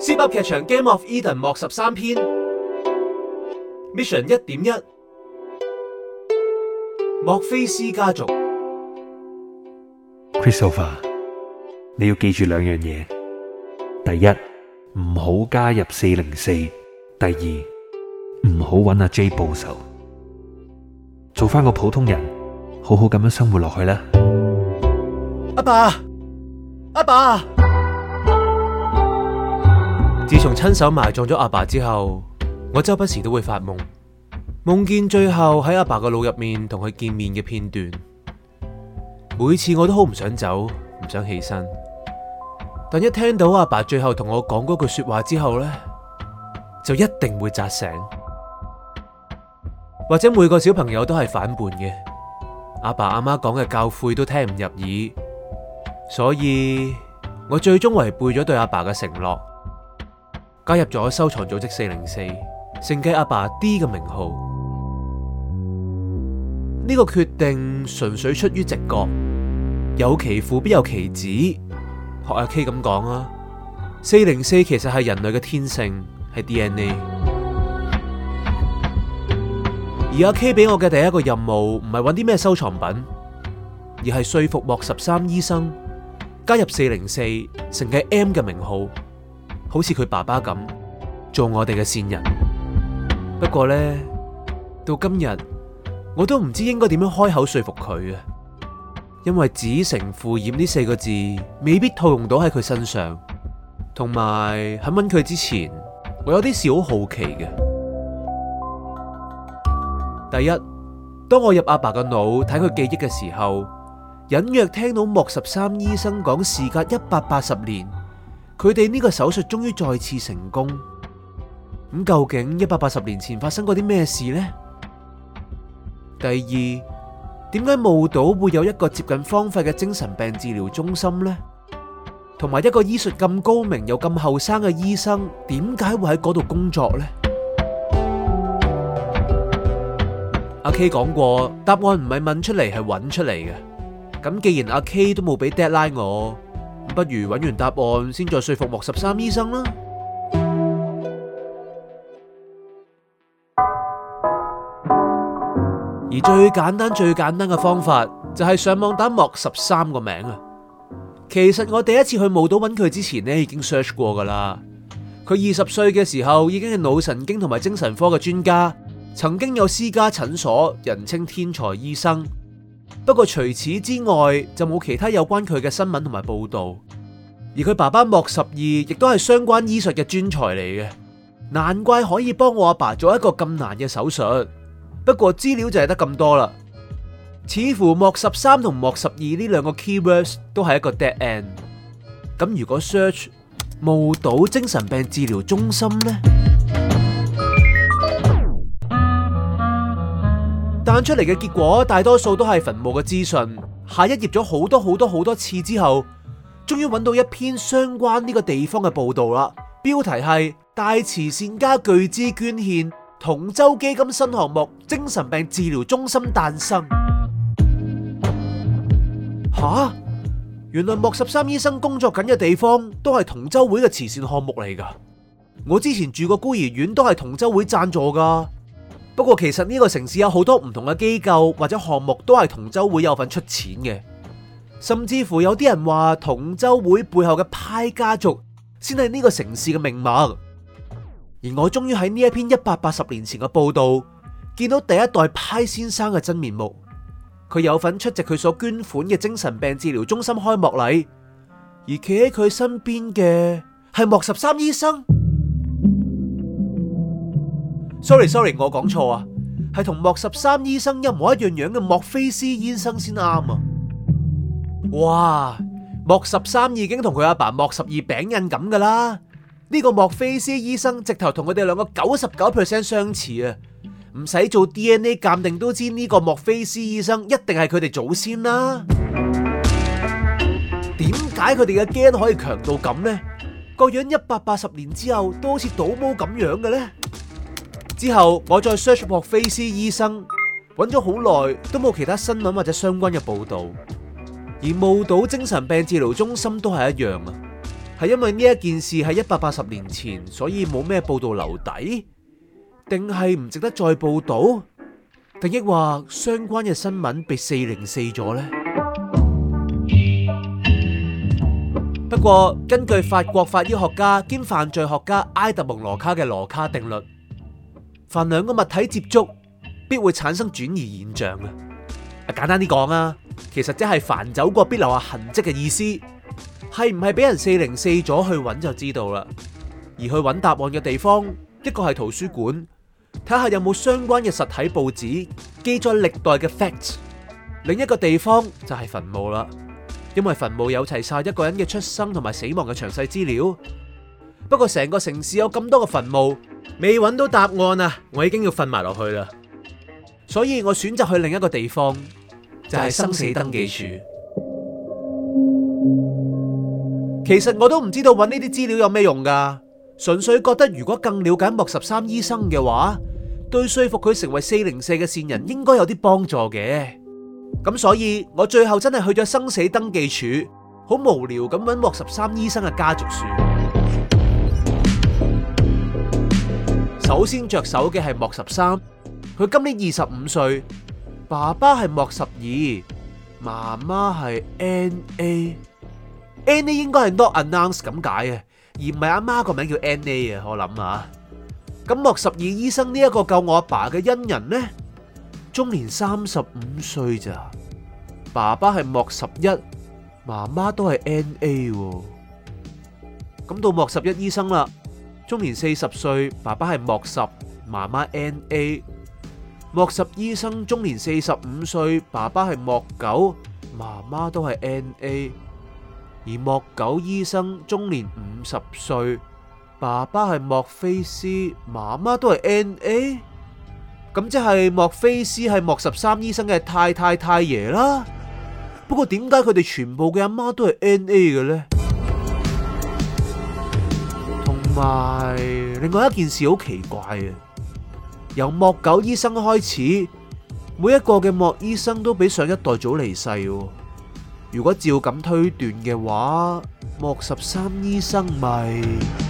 Zip 噏劇場《Game of Eden》莫十三篇，Mission 一點一，莫菲斯家族，Christopher，你要記住兩樣嘢，第一唔好加入四零四，第二唔好搵阿 J 報仇，做翻個普通人，好好咁樣生活落去啦。阿爸，爸，阿爸，爸。自從親手埋葬咗阿爸，爸之後，我周不時都會發夢，夢見最後喺阿爸個腦入面同佢見面嘅片段。每次我都好唔想走，唔想起身。但一聽到阿爸，爸最後同我講嗰句說話之後呢，就一定會紮醒。或者每個小朋友都係反叛嘅，阿爸阿媽講嘅教誨都聽唔入耳，所以我最終違背咗對阿爸嘅承諾。加入咗收藏組織四零四，承繼阿爸,爸 D 嘅名號。呢、這個決定純粹出於直覺。有其父必有其子，學阿 K 咁講啊。四零四其實係人類嘅天性，係 DNA。而阿 K 俾我嘅第一個任務，唔係揾啲咩收藏品，而係說服莫十三醫生加入四零四，承繼 M 嘅名號。好似佢爸爸咁，做我哋嘅線人，不過呢，到今日我都唔知應該點樣開口說服佢啊！因為「子承父業」呢四個字未必套用到喺佢身上，同埋喺問佢之前，我有啲事好好奇嘅。第一，當我入阿爸個腦睇佢記憶嘅時候，隱約聽到莫十三醫生講事隔一百八十年。佢哋呢個手術終於再次成功。咁究竟一百八十年前發生過啲咩事呢？第二，點解墓島會有一個接近荒廢嘅精神病治療中心呢？同埋一個醫術咁高明又咁後生嘅醫生，點解會喺嗰度工作呢？阿 K 講過，答案唔係問出嚟，係揾出嚟嘅。咁既然阿 K 都冇俾 deadline 我，不如揾完答案先再說服莫十三醫生啦。而最簡單、最簡單嘅方法就係上網打莫十三個名啊。其實我第一次去墓島揾佢之前呢，已經 search 過噶啦。佢二十歲嘅時候已經係腦神經同埋精神科嘅專家，曾經有私家診所，人稱天才醫生。不過除此之外就冇其他有關佢嘅新聞同埋報道，而佢爸爸莫十二亦都係相關醫術嘅專才嚟嘅，難怪可以幫我阿爸、爸做一個咁難嘅手術。不過資料就係得咁多啦，似乎莫十三同莫十二呢兩個 keywords 都係一個 dead end。咁如果 search 墓島精神病治療中心呢？揾出嚟嘅結果大多數都係墳墓嘅資訊，下一頁咗好多好多好多次之後，終於揾到一篇相關呢個地方嘅報道啦。標題係大慈善家巨資捐獻，同舟基金新項目，精神病治療中心誕生。吓、啊，原來莫十三醫生工作緊嘅地方都係同舟會嘅慈善項目嚟㗎。我之前住過孤兒院都係同舟會贊助㗎。不過其實呢個城市有好多唔同嘅機構或者項目都係同舟會有份出錢嘅，甚至乎有啲人話同舟會背後嘅 π 家族先係呢個城市嘅命脈。而我終於喺呢一篇一百八十年前嘅報道，見到第一代 π 先生嘅真面目。佢有份出席佢所捐款嘅精神病治療中心開幕禮，而企喺佢身邊嘅係莫十三醫生。Sorry sorry 我講錯啊，係同莫十三醫生一模一樣樣嘅莫菲斯醫生先啱啊！哇，莫十三已經同佢阿爸莫十二餅印咁噶啦呢個莫菲斯醫生直頭同佢哋兩個九十九 percent 相似啊！唔使做 DNA 鑑定都知呢個莫菲斯醫生一定係佢哋祖先啦。點解佢哋嘅基因可以強到咁呢？個樣一百八十年之後都好似倒模咁樣嘅呢？之後我再 search 莫菲斯醫生，揾咗好耐都冇其他新聞或者相關嘅報道，而墓島精神病治療中心都係一樣啊。係因為呢一件事係一百八十年前，所以冇咩報道留底，定係唔值得再報道，定抑或相關嘅新聞被四零四咗呢？不過根據法國法醫學家兼犯罪學家埃德蒙·羅卡嘅羅卡定律。凡兩個物體接觸，必會產生轉移現象啊！簡單啲講啊，其實即係凡走過必留下痕跡嘅意思，係唔係俾人四零四咗，去揾，就知道啦。而去揾答案嘅地方，一個係圖書館，睇下有冇相關嘅實體報紙記載歷代嘅 facts；另一個地方就係墳墓啦，因為墳墓有齊晒一個人嘅出生同埋死亡嘅詳細資料。不過成個城市有咁多嘅墳墓。未揾到答案啊！我已經要瞓埋落去啦，所以我選擇去另一個地方，就係生死登記處。其實我都唔知道揾呢啲資料有咩用噶，純粹覺得如果更了解莫十三醫生嘅話，對說服佢成為四零四嘅線人應該有啲幫助嘅。咁所以我最後真係去咗生死登記處，好無聊咁揾莫十三醫生嘅家族樹。首先着手嘅係莫十三，佢今年二十五歲，爸爸係莫十二，媽媽係 N A，N A 應該係 not announced 咁解嘅，而唔係阿媽個名叫 N A 啊，我諗啊。咁莫十二醫生呢一個救我阿爸嘅恩人呢，終年三十五歲咋，爸爸係莫十一，媽媽都係 N A，咁到莫十一醫生啦。中年四十歲，爸爸係莫十，媽媽 N A。莫十醫生終年四十五歲，爸爸係莫九，媽媽都係 N A。而莫九醫生終年五十歲，爸爸係莫菲斯，媽媽都係 N A。咁即係莫菲斯係莫十三醫生嘅太太太爺啦。不過點解佢哋全部嘅阿媽都係 N A 嘅呢？另外一件事好奇怪嘅，由莫九醫生開始，每一個嘅莫醫生都比上一代早離世。如果照咁推斷嘅話，莫十三醫生咪、就是？